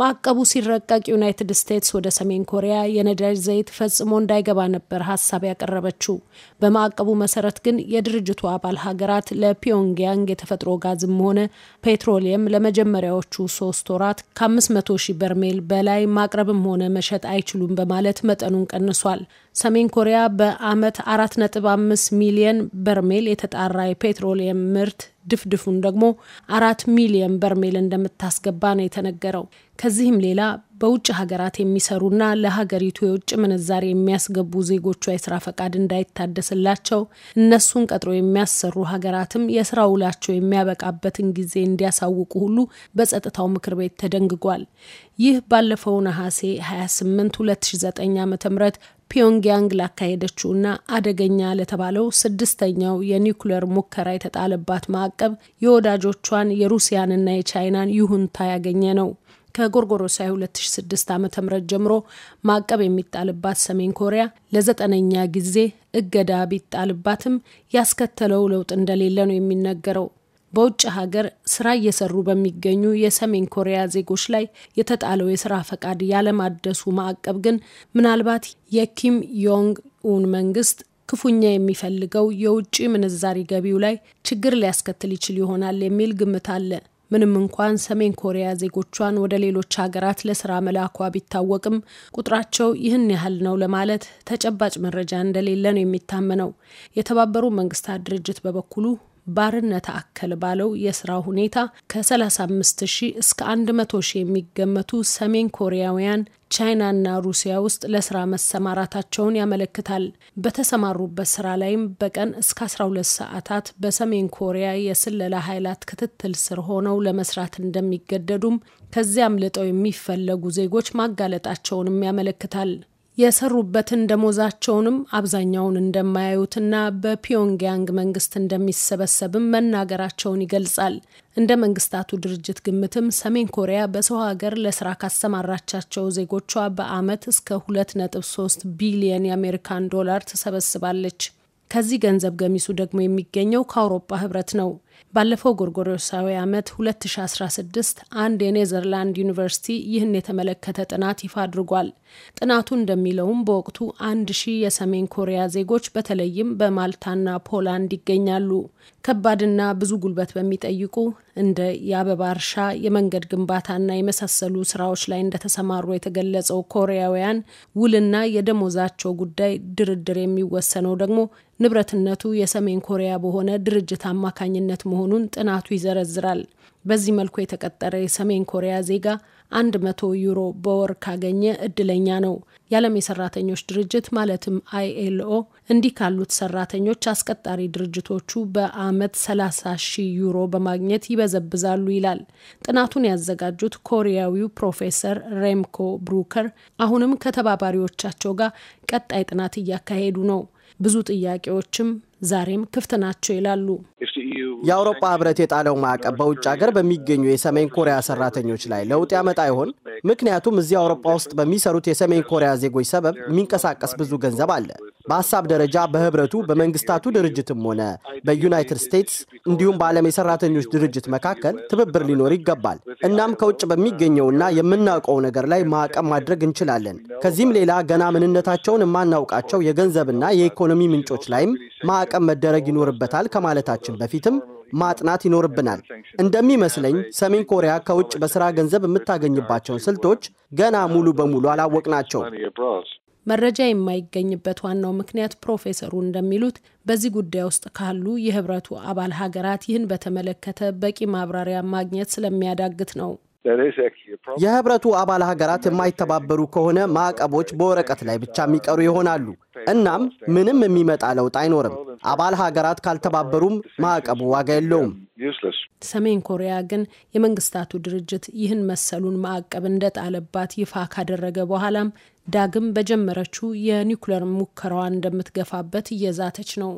ማዕቀቡ ሲረቀቅ ዩናይትድ ስቴትስ ወደ ሰሜን ኮሪያ የነዳጅ ዘይት ፈጽሞ እንዳይገባ ነበር ሀሳብ ያቀረበችው። በማዕቀቡ መሰረት ግን የድርጅቱ አባል ሀገራት ለፒዮንግያንግ የተፈጥሮ ጋዝም ሆነ ፔትሮሊየም ለመጀመሪያዎቹ ሶስት ወራት ከ500 ሺህ በርሜል በላይ ማቅረብም ሆነ መሸጥ አይችሉም በማለት መጠኑን ቀንሷል። ሰሜን ኮሪያ በአመት 4.5 ሚሊየን በርሜል የተጣራ የፔትሮሊየም ምርት ድፍድፉን ደግሞ አራት ሚሊየን በርሜል እንደምታስገባ ነው የተነገረው። ከዚህም ሌላ በውጭ ሀገራት የሚሰሩና ለሀገሪቱ የውጭ ምንዛሬ የሚያስገቡ ዜጎቿ የስራ ፈቃድ እንዳይታደስላቸው እነሱን ቀጥሮ የሚያሰሩ ሀገራትም የስራ ውላቸው የሚያበቃበትን ጊዜ እንዲያሳውቁ ሁሉ በጸጥታው ምክር ቤት ተደንግጓል። ይህ ባለፈው ነሐሴ 28 2009 ም ፒዮንግያንግ እና አደገኛ ለተባለው ስድስተኛው የኒውክሌር ሙከራ የተጣለባት ማዕቀብ የወዳጆቿን የሩሲያንና የቻይናን ይሁንታ ያገኘ ነው። ከጎርጎሮሳዊ 2006 ዓ ም ጀምሮ ማዕቀብ የሚጣልባት ሰሜን ኮሪያ ለዘጠነኛ ጊዜ እገዳ ቢጣልባትም ያስከተለው ለውጥ እንደሌለ ነው የሚነገረው። በውጭ ሀገር ስራ እየሰሩ በሚገኙ የሰሜን ኮሪያ ዜጎች ላይ የተጣለው የስራ ፈቃድ ያለማደሱ ማዕቀብ ግን ምናልባት የኪም ዮንግ ኡን መንግስት ክፉኛ የሚፈልገው የውጭ ምንዛሪ ገቢው ላይ ችግር ሊያስከትል ይችል ይሆናል የሚል ግምት አለ። ምንም እንኳን ሰሜን ኮሪያ ዜጎቿን ወደ ሌሎች ሀገራት ለስራ መላኳ ቢታወቅም ቁጥራቸው ይህን ያህል ነው ለማለት ተጨባጭ መረጃ እንደሌለ ነው የሚታመነው። የተባበሩ መንግስታት ድርጅት በበኩሉ ባርነት አከል ባለው የስራ ሁኔታ ከ35 ሺህ እስከ 100 ሺህ የሚገመቱ ሰሜን ኮሪያውያን ቻይናና ሩሲያ ውስጥ ለስራ መሰማራታቸውን ያመለክታል። በተሰማሩበት ስራ ላይም በቀን እስከ 12 ሰዓታት በሰሜን ኮሪያ የስለላ ኃይላት ክትትል ስር ሆነው ለመስራት እንደሚገደዱም ከዚያም ልጠው የሚፈለጉ ዜጎች ማጋለጣቸውንም ያመለክታል። የሰሩበትን ደሞዛቸውንም አብዛኛውን እንደማያዩትና በፒዮንግያንግ መንግስት እንደሚሰበሰብም መናገራቸውን ይገልጻል። እንደ መንግስታቱ ድርጅት ግምትም ሰሜን ኮሪያ በሰው ሀገር ለስራ ካሰማራቻቸው ዜጎቿ በአመት እስከ 2.3 ቢሊየን የአሜሪካን ዶላር ትሰበስባለች። ከዚህ ገንዘብ ገሚሱ ደግሞ የሚገኘው ከአውሮፓ ህብረት ነው። ባለፈው ጎርጎሮሳዊ ዓመት 2016 አንድ የኔዘርላንድ ዩኒቨርሲቲ ይህን የተመለከተ ጥናት ይፋ አድርጓል። ጥናቱ እንደሚለውም በወቅቱ አንድ ሺህ የሰሜን ኮሪያ ዜጎች በተለይም በማልታና ፖላንድ ይገኛሉ። ከባድና ብዙ ጉልበት በሚጠይቁ እንደ የአበባ እርሻ፣ የመንገድ ግንባታና የመሳሰሉ ስራዎች ላይ እንደተሰማሩ የተገለጸው ኮሪያውያን ውልና የደሞዛቸው ጉዳይ ድርድር የሚወሰነው ደግሞ ንብረትነቱ የሰሜን ኮሪያ በሆነ ድርጅት አማካኝነት መሆኑን ጥናቱ ይዘረዝራል። በዚህ መልኩ የተቀጠረ የሰሜን ኮሪያ ዜጋ አንድ መቶ ዩሮ በወር ካገኘ እድለኛ ነው። የዓለም የሰራተኞች ድርጅት ማለትም አይኤልኦ እንዲህ ካሉት ሰራተኞች አስቀጣሪ ድርጅቶቹ በአመት 30 ሺህ ዩሮ በማግኘት ይበዘብዛሉ ይላል። ጥናቱን ያዘጋጁት ኮሪያዊው ፕሮፌሰር ሬምኮ ብሩከር አሁንም ከተባባሪዎቻቸው ጋር ቀጣይ ጥናት እያካሄዱ ነው። ብዙ ጥያቄዎችም ዛሬም ክፍት ናቸው ይላሉ። የአውሮፓ ህብረት የጣለው ማዕቀብ በውጭ ሀገር በሚገኙ የሰሜን ኮሪያ ሰራተኞች ላይ ለውጥ ያመጣ ይሆን? ምክንያቱም እዚህ አውሮፓ ውስጥ በሚሰሩት የሰሜን ኮሪያ ዜጎች ሰበብ የሚንቀሳቀስ ብዙ ገንዘብ አለ። በሀሳብ ደረጃ በህብረቱ በመንግስታቱ ድርጅትም ሆነ በዩናይትድ ስቴትስ እንዲሁም በዓለም የሰራተኞች ድርጅት መካከል ትብብር ሊኖር ይገባል። እናም ከውጭ በሚገኘውና የምናውቀው ነገር ላይ ማዕቀብ ማድረግ እንችላለን። ከዚህም ሌላ ገና ምንነታቸውን የማናውቃቸው የገንዘብና የኢኮኖሚ ምንጮች ላይም ማዕቀብ መደረግ ይኖርበታል ከማለታችን በፊትም ማጥናት ይኖርብናል። እንደሚመስለኝ ሰሜን ኮሪያ ከውጭ በስራ ገንዘብ የምታገኝባቸውን ስልቶች ገና ሙሉ በሙሉ አላወቅናቸውም። መረጃ የማይገኝበት ዋናው ምክንያት ፕሮፌሰሩ እንደሚሉት በዚህ ጉዳይ ውስጥ ካሉ የህብረቱ አባል ሀገራት ይህን በተመለከተ በቂ ማብራሪያ ማግኘት ስለሚያዳግት ነው። የህብረቱ አባል ሀገራት የማይተባበሩ ከሆነ ማዕቀቦች በወረቀት ላይ ብቻ የሚቀሩ ይሆናሉ። እናም ምንም የሚመጣ ለውጥ አይኖርም። አባል ሀገራት ካልተባበሩም ማዕቀቡ ዋጋ የለውም። ሰሜን ኮሪያ ግን የመንግስታቱ ድርጅት ይህን መሰሉን ማዕቀብ እንደጣለባት ይፋ ካደረገ በኋላም ዳግም በጀመረችው የኒውክለር ሙከራዋ እንደምትገፋበት እየዛተች ነው።